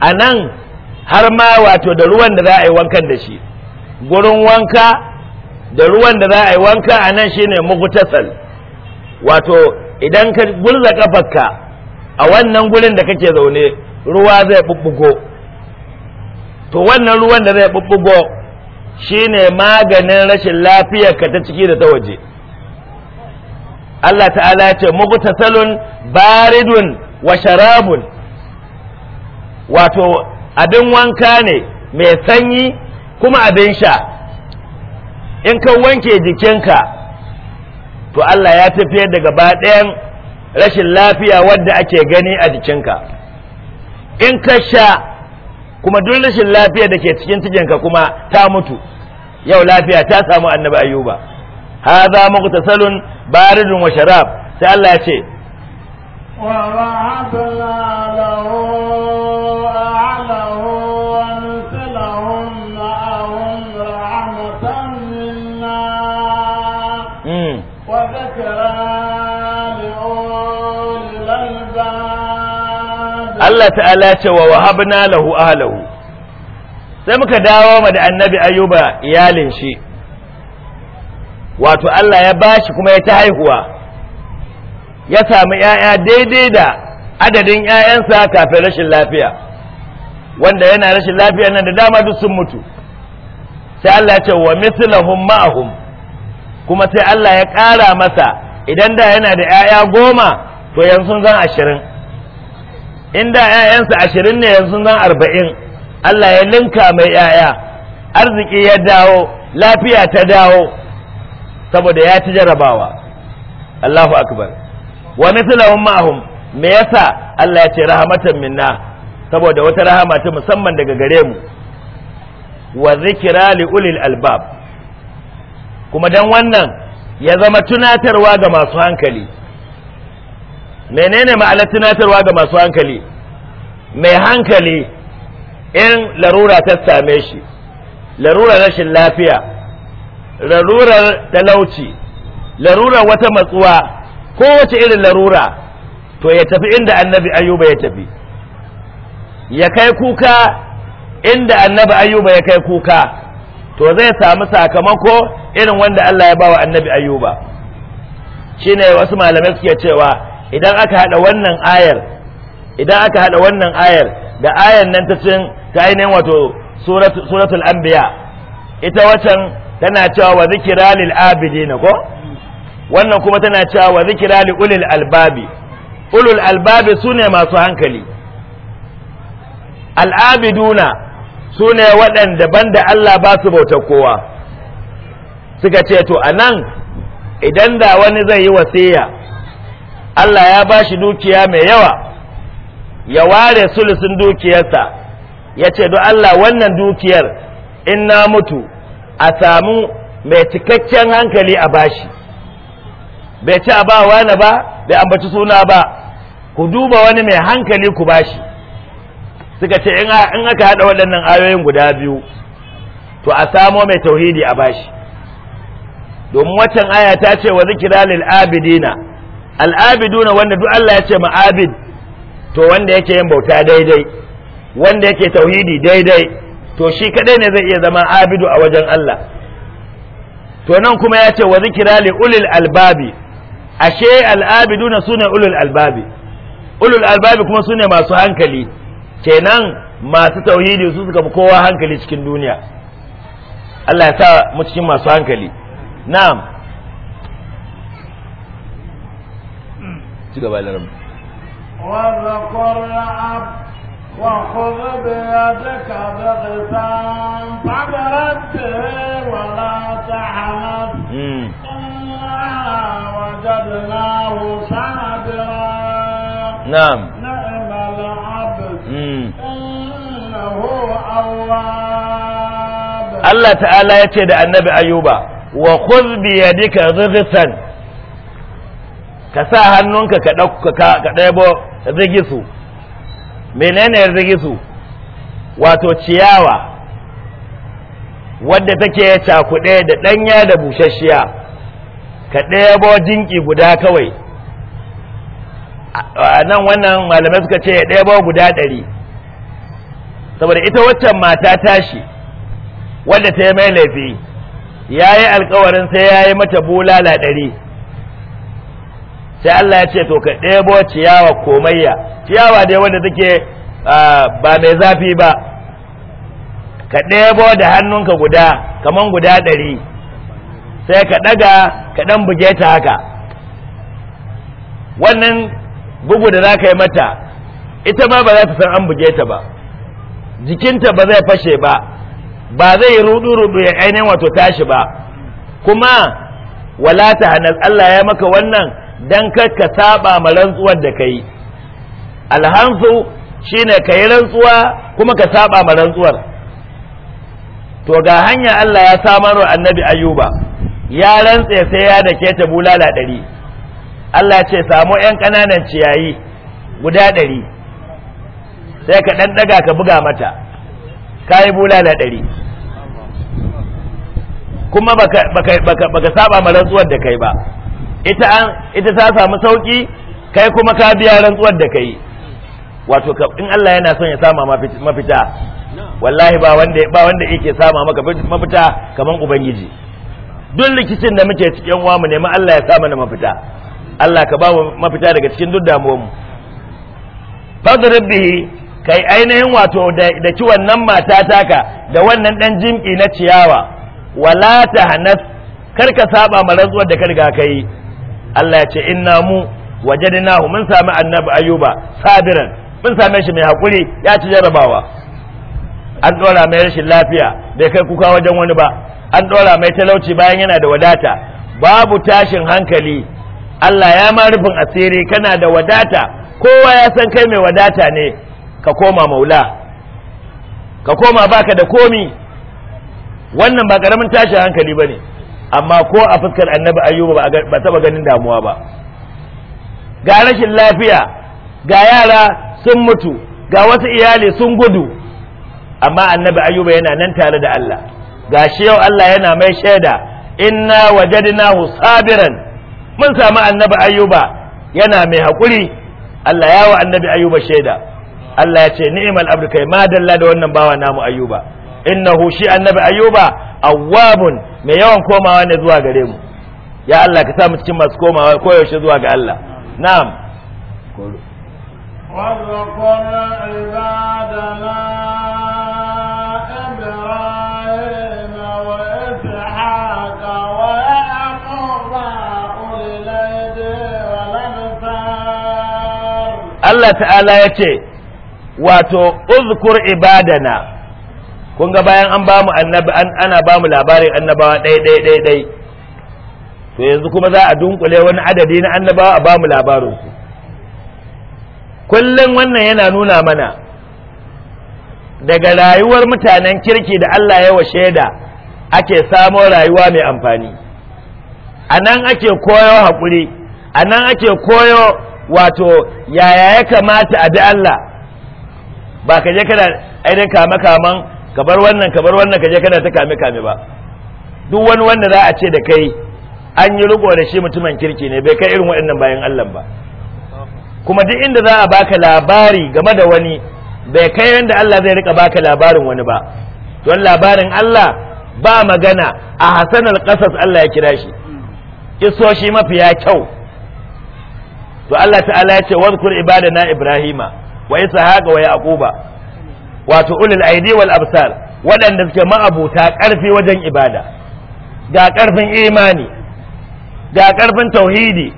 a nan har ma wato da ruwan da za a yi wankan da shi gurin wanka da ruwan da za a yi wanka a nan shi ne mugutasal wato idan ka gurza kafarka a wannan gurin da kake zaune ruwa zai bubbugo to wannan ruwan da zai bubbugo shi ne maganin rashin lafiyarka ta ciki da ta waje Allah ta'ala ya ce mugtasalun baridun wa sharabun wato abin wanka ne mai sanyi kuma abin sha in ka wanke jikinka to Allah ya tafiye da gaba ɗayan rashin lafiya wadda ake gani a jikinka in ka sha kuma duk rashin lafiya da ke cikin cikinka kuma ta mutu yau lafiya ta samu annabi ayuba hadha mughtasalun baridun wa sharab sai Allah ya ce ووهبنا له أعله ومثلهم معهم رحمة منا وذكرى لأولي الألباب الله تعالى ووهبنا له أهله sai muka dawo ma da annabi ayuba iyalin shi wato Allah ya bashi kuma ya ta haihuwa ya samu ‘ya'ya daidai da adadin ‘ya'yansa kafin rashin lafiya wanda yana rashin lafiya nan da dama duk sun mutu sai Allah ya ce wa mislahum ma'ahum kuma sai Allah ya ƙara masa idan da yana da ‘ya'ya goma to yanzu zan ashirin in da ‘ya'yansa ashirin ne yanzu zan arba'in Allah ya linka mai ‘ya'ya arziki ya dawo lafiya ta dawo saboda ya ci jarabawa Allahu akbar wa mithluhum ma'hum me yasa Allah ya ce rahmatan minna saboda wata rahama ta musamman daga gare mu wa zikra li ulil albab kuma dan wannan ya zama tunatarwa ga masu hankali menene ma'anar tunatarwa ga masu hankali mai hankali in larura ta same shi larura rashin lafiya larurar talauci larurar wata matsuwa kowace irin larura to ya tafi inda annabi Ayuba ya tafi ya kai kuka inda annabi Ayuba ya kai kuka to zai samu sakamako irin wanda Allah ya bawa annabi Shi shine wasu malamai suke cewa idan aka hada wannan ayar idan aka hada wannan ayar da ayar nan ta cin ta ainihin wato suratul anbiya ita wacan tana cewa wa zikira lil abidina ko wannan kuma tana cewa wa zikira li ulil albabi ulul albabi sune masu hankali al'abiduna sune waɗanda banda Allah ba su bauta kowa suka ce to anan idan da wani zai yi wasiya Allah ya ba shi dukiya mai yawa ya ware sulusin dukiyarsa ya ce don Allah wannan dukiyar in na mutu a samu mai cikakken hankali a bashi bai ci a ba wani ba bai ambaci suna ba ku duba wani mai hankali ku bashi suka ce in aka haɗa waɗannan ayoyin guda biyu to a samo mai tauhidi a bashi domin waccan aya ta ce wa zikira lil abidina al abiduna wanda duk Allah ya ce ma abid to wanda yake yin bauta daidai wanda yake tauhidi daidai to shi kadai ne zai iya zama abidu a wajen Allah to nan kuma ya ce wa zikira lil ulil albabi ashe al'abiduna sune ulul albabi ulul albabi kuma sune masu hankali kenan masu tauhidi su suka fi kowa hankali cikin duniya Allah ya sa mu cikin masu hankali na'am ci gaba da rabu وخذ بيدك ضغطا فبرت ولا تحمل ووجدناه صابرا نعم نعم العبد إنه أواب الله تعالى يتدى النبي أيوبا وخذ بيدك ضغثا ka sa hannunka ka ɗaibo rigisu menene rigisu wato ciyawa wadda take cakuɗe da ɗanya da busasshiya ka ɗebo jinki guda kawai nan wannan malamai suka ce ɗaya ɗebo guda ɗari saboda ita waccan mata tashi wadda ta yi mai laifi ya yi alkawarin sai ya yi mata bulala ɗari sai Allah ya ce to ka ɗebo ciyawa komayya ciyawa dai wadda take ba mai zafi ba ka ɗebo da hannunka guda kaman guda ɗari sai ka ɗaga kaɗan buge ta haka wannan bugu da za ka yi mata ita ma ba za ta san an buge ta ba jikinta ba zai fashe ba ba zai yi rudu-rudu ya ainihin wato tashi ba kuma wala ta hana Allah ya maka wannan dan kar ka saba ma rantsuwar da kai alhansu shine ka yi rantsuwa kuma ka saba ma rantsuwar to ga hanya Allah ya samar wa annabi ayuba ya rantse sai ya dake ta bulala ɗari Allah ce samu ‘yan ƙananan ciyayi guda ɗari sai ka ɗan ɗaga ka buga mata ka yi bulala ɗari kuma baka saba ma rantsuwar da kai ba ita ta samu sauƙi kai kuma ka biya rantsuwar da kai wato in Allah yana son ya sama mafita wallahi ba wanda yake sama maka mafita kaman ubangiji duk rikicin da muke cikin wa mu nemi Allah ya sa mana mafita Allah ka ba mu mafita daga cikin duk damuwar mu bihi kai ainihin wato da ki wannan mata taka da wannan dan jimki na ciyawa wala tahnas kar ka saba ma rantsuwar da ka riga kai Allah ya ce inna mu wajadnahu mun sami annabi ayuba sabiran mun same shi mai hakuri ya ci jarabawa an dora mai rashin lafiya bai kai kuka wajen wani ba an ɗora mai talauci bayan yana da wadata babu tashin hankali Allah ya ma rufin asiri kana da wadata kowa ya san kai mai wadata ne ka koma maula ka koma baka da komi wannan ba karamin tashin hankali ba ne amma ko a fuskar annabi ayyuba ba taba ganin damuwa ba ga rashin lafiya ga yara sun mutu ga wasu iyali sun gudu amma annabi ayyuba yana nan tare da Allah Ga shi yau Allah yana mai shaida inna wajadnahu sabiran mun samu annabi ayyuba yana mai hakuri Allah yawo annabi ayyuba shaida Allah ya ce ni'mal abdu kai ma dalla da wannan bawa namu ayyuba innahu shi annabi ayyuba awwabun mai yawan komawa ne zuwa gare mu ya Allah ka sa mu cikin masu komawa ko yaushe zuwa ga Allah na'am Allah ta'ala ya ce wato uzkur ibadana kun ga bayan an bamu annabi ana bamu labarin annabawa ɗai ɗai ɗai ɗai to yanzu kuma za a dunkule wani adadi na annabawa a bamu mu kullum wannan yana nuna mana daga rayuwar mutanen kirki da Allah ya washe da ake samo rayuwa mai amfani a nan ake koyo haƙuri a nan ake koyo wato yaya ya kamata a bi Allah ba ka je kana ainihin kame kaman ka bar wannan ka bar wannan ka je kana ta kame kame ba duk wani wanda za a ce da kai an yi riko da shi mutumin kirki ne bai kai irin waɗannan bayan Allah ba kuma duk inda za a baka labari game da wani bai kai yadda Allah zai rika baka labarin wani ba don labarin Allah ba magana a hasanar kasas Allah ya kira shi kisoshi mafiya kyau to Allah ta'ala ya ce ibada ibadana ibrahima wa ishaqa wa yaquba wato ulul aidi wal absar waɗanda suke ma'abuta ƙarfi wajen ibada ga ƙarfin imani ga ƙarfin tauhidi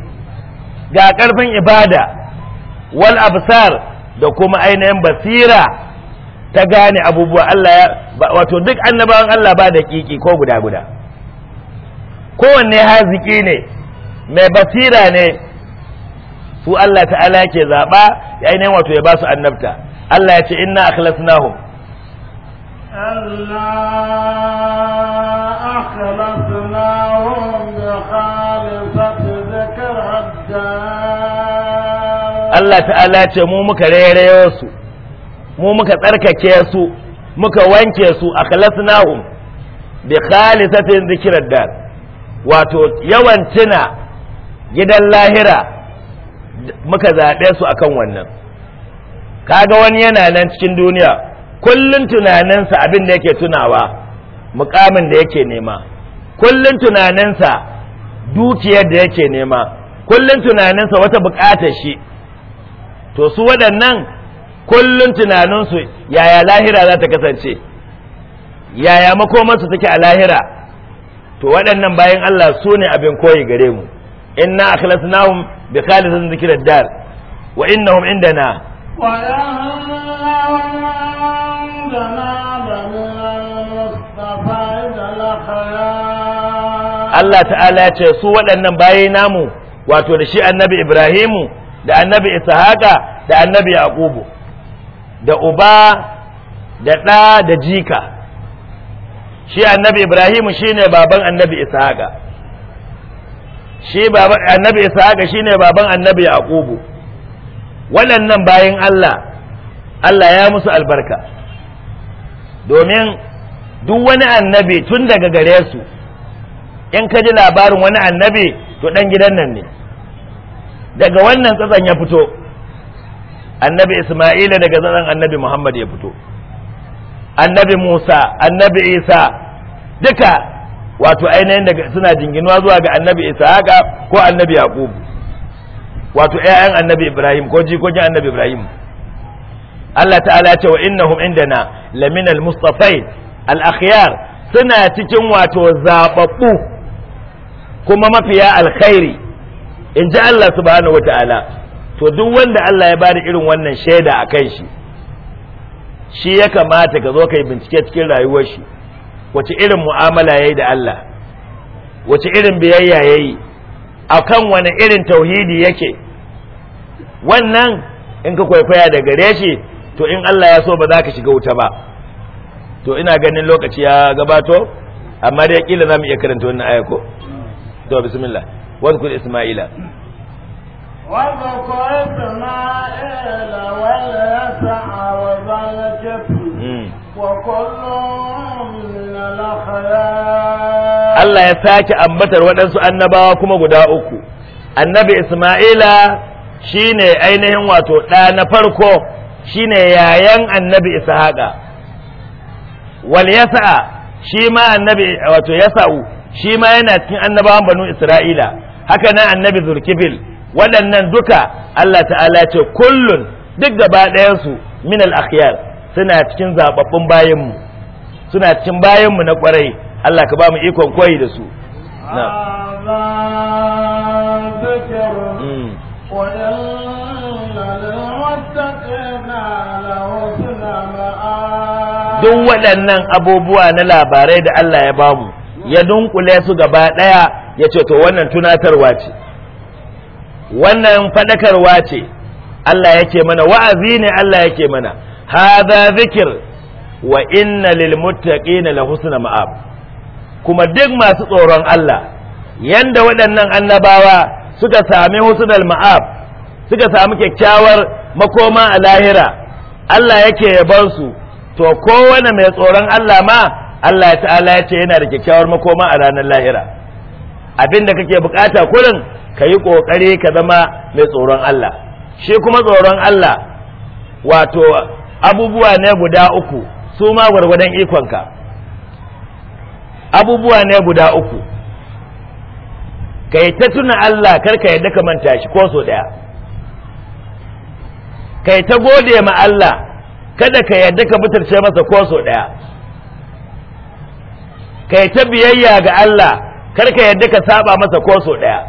ga ƙarfin ibada wal absar da kuma ainihin basira ta gane abubuwa Allah ya wato duk annabawan Allah ba da kiki ko guda guda kowanne haziki ne mai basira ne su Allah ta'ala yake zaɓa ya ainihin wato ya ba su annabta Allah ya ce inna a Allah akhlasnahum bi Allah ta'ala ya ce mu muka rerayo su mu muka tsarkake su muka wanke su a akhlasnahum bi khalisatin zikirar dar wato yawan tuna gidan lahira muka zaɓe su a kan wannan kaga wani yana nan cikin duniya kullum tunaninsa abin da yake tunawa mukamin da yake nema kullum tunaninsa dukiyar da yake nema kullum tunaninsa wata buƙatar shi to su waɗannan kullum tunaninsu yaya lahira za ta kasance yaya makomansu take a lahira to waɗannan bayan Allah su ne abin koyi gare mu inna akhlasnahum bi khalisatin dhikra dar wa innahum Allah ta'ala ya ce su waɗannan baye namu wato da shi annabi Ibrahimu da annabi Ishaqa da annabi Yaqubu da uba da ɗa da jika shi annabi Ibrahimu shine baban annabi Ishaqa shi annabi shi shine baban annabi yaqubu waɗannan bayan Allah Allah ya musu albarka domin duk wani annabi tun daga gare su in ka ji labarin wani annabi to ɗan gidan nan ne daga wannan tsatsan ya fito annabi isma'ila daga tsatsan annabi muhammad ya fito annabi musa annabi isa duka wato ainihin suna jinginuwa zuwa ga annabi ishaqa ko annabi yaqub wato ƴaƴan annabi ibrahim ko jikokin annabi ibrahim Allah ta'ala ce wa innahum indana laminal mustafai al-akhyar suna cikin wato zababbu kuma mafiya alkhairi in ji Allah subhanahu wata'ala to duk wanda Allah ya bada irin wannan shaida a kan shi shi ya kamata ka zo ka yi bincike cikin rayuwar shi wace irin mu'amala yayi da Allah wace irin biyayya yayi akan wani irin tauhidi yake wannan in ka kwaikwaya da gare shi to in Allah ya so ba za ka shiga wuta ba to ina ganin lokaci ya gabato amma dai kila za iya karanta wannan aya ko to bismillah wadkur isma'ila واذكر إسماعيل واليسع وذا وكل Allah ya sake ambatar waɗansu annabawa kuma guda uku annabi Isma'ila shine ainihin wato ɗa na farko shine yayan annabi haƙa. wal yasa shi ma annabi wato yasa'u shi ma yana cikin annabawan banu Isra'ila haka na annabi Zulkifil waɗannan duka Allah ta'ala ce kullum duk gaba ɗayansu min al suna cikin zaɓaɓɓun bayanmu suna cikin bayanmu na kwarai Allah ka ba mu ikon koyi da su mm. duk waɗannan abubuwa na labarai da Allah ya bamu ya dunkule su gaba ɗaya ya ce to wannan tunatarwa ce wannan faɗakarwa ce Allah yake mana wa'azi ne Allah yake mana hadha zikir wa inna lil muttaqina la husna ma'ab kuma duk masu tsoron Allah yanda waɗannan annabawa suka sami husnal ma'ab suka sami kyakkyawar makoma a lahira Allah yake yaban su to kowane mai tsoron Allah ma Allah ta'ala ya ce yana da kyakkyawar makoma a ranar lahira abinda kake bukata kurin ka yi kokari ka zama mai tsoron Allah shi kuma tsoron Allah wato abubuwa ne guda uku su ma gwargwadon ikonka abubuwa ne guda uku kai ta tuna Allah karka yadda ka manta shi ko so ɗaya ka ta gode ma Allah kada ka yadda ka mutarce masa ko so ɗaya ka ta biyayya ga Allah karka yadda ka saba masa ko so ɗaya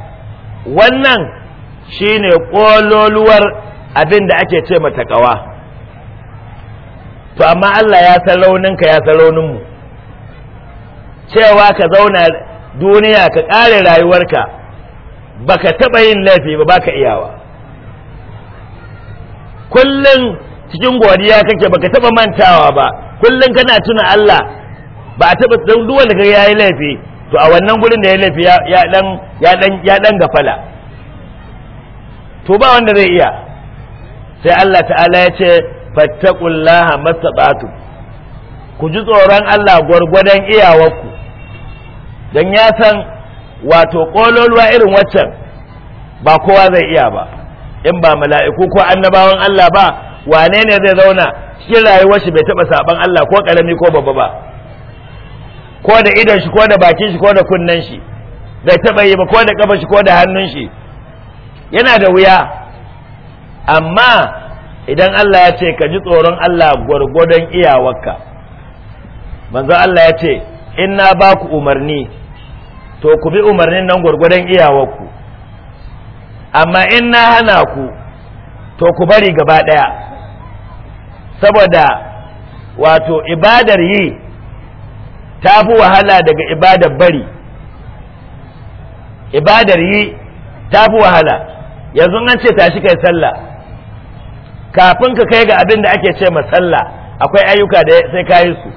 wannan shine ƙololuwar abin da ake ce mata ƙawa to amma Allah ya san ka ya san rauninmu cewa ka zauna duniya ka ƙare rayuwarka baka taɓa yin laifi ba baka iyawa kullum cikin godiya kake baka taɓa mantawa ba kullum kana tuna Allah ba a taɓa don duk wanda ya yi laifi to a wannan gurin da ya laifi ya dan gafala to ba wanda zai iya sai Allah ta'ala ya ce fattaqullaha mastata'tum ku ji tsoron Allah gwargwadon iyawarku dan ya san wato kololuwa irin waccan ba kowa zai iya ba in ba mala'iku ko annabawan Allah ba wane ne zai zauna cikin rayuwar shi bai taba saban Allah ko karami ko babba ba ko da idon shi ko da bakin shi ko da kunnen shi bai taba yi ba ko da kafa shi ko da hannun shi yana da wuya amma idan Allah ya ce ka ji tsoron Allah gwargwadon iyawarka manzo Allah ya ce in na ba ku umarni to ku bi umarnin nan gwargwadon iyawarku amma in na hana ku to ku bari gaba ɗaya saboda wato ibadar yi ta fi wahala daga ibadar bari ibadar yi ta fi wahala yanzu an ce tashi kai sallah kafin ka kai ga abin da ake ce masalla akwai ayyuka da sai ka yi su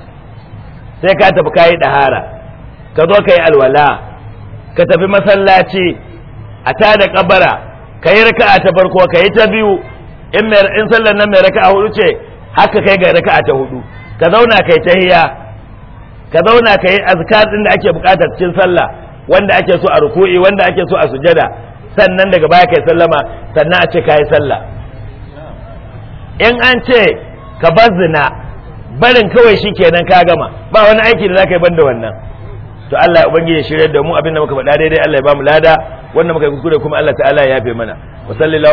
sai ka tafi ka yi dahara ka zo ka yi alwala ka tafi masallaci a ta da kabara ka yi raka'a ta farko ka yi ta biyu in sallar nan mai raka'a hudu ce haka kai ga raka'a ta hudu ka zauna kai tahiya ka zauna kai azkar din da ake bukatar cikin sallah wanda ake so a ruku'i wanda ake so a sujada sannan daga baya kai sallama sannan a ce kai sallah in an ce ka bar zina barin kawai shi kenan ka gama ba wani aiki da za ka yi banda wannan to Allah ya ubangiji shirya da mu abinda muka faɗa daidai Allah ya bamu lada wannan muka yi kuskure kuma Allah ta'ala ya yafe mana wa sallallahu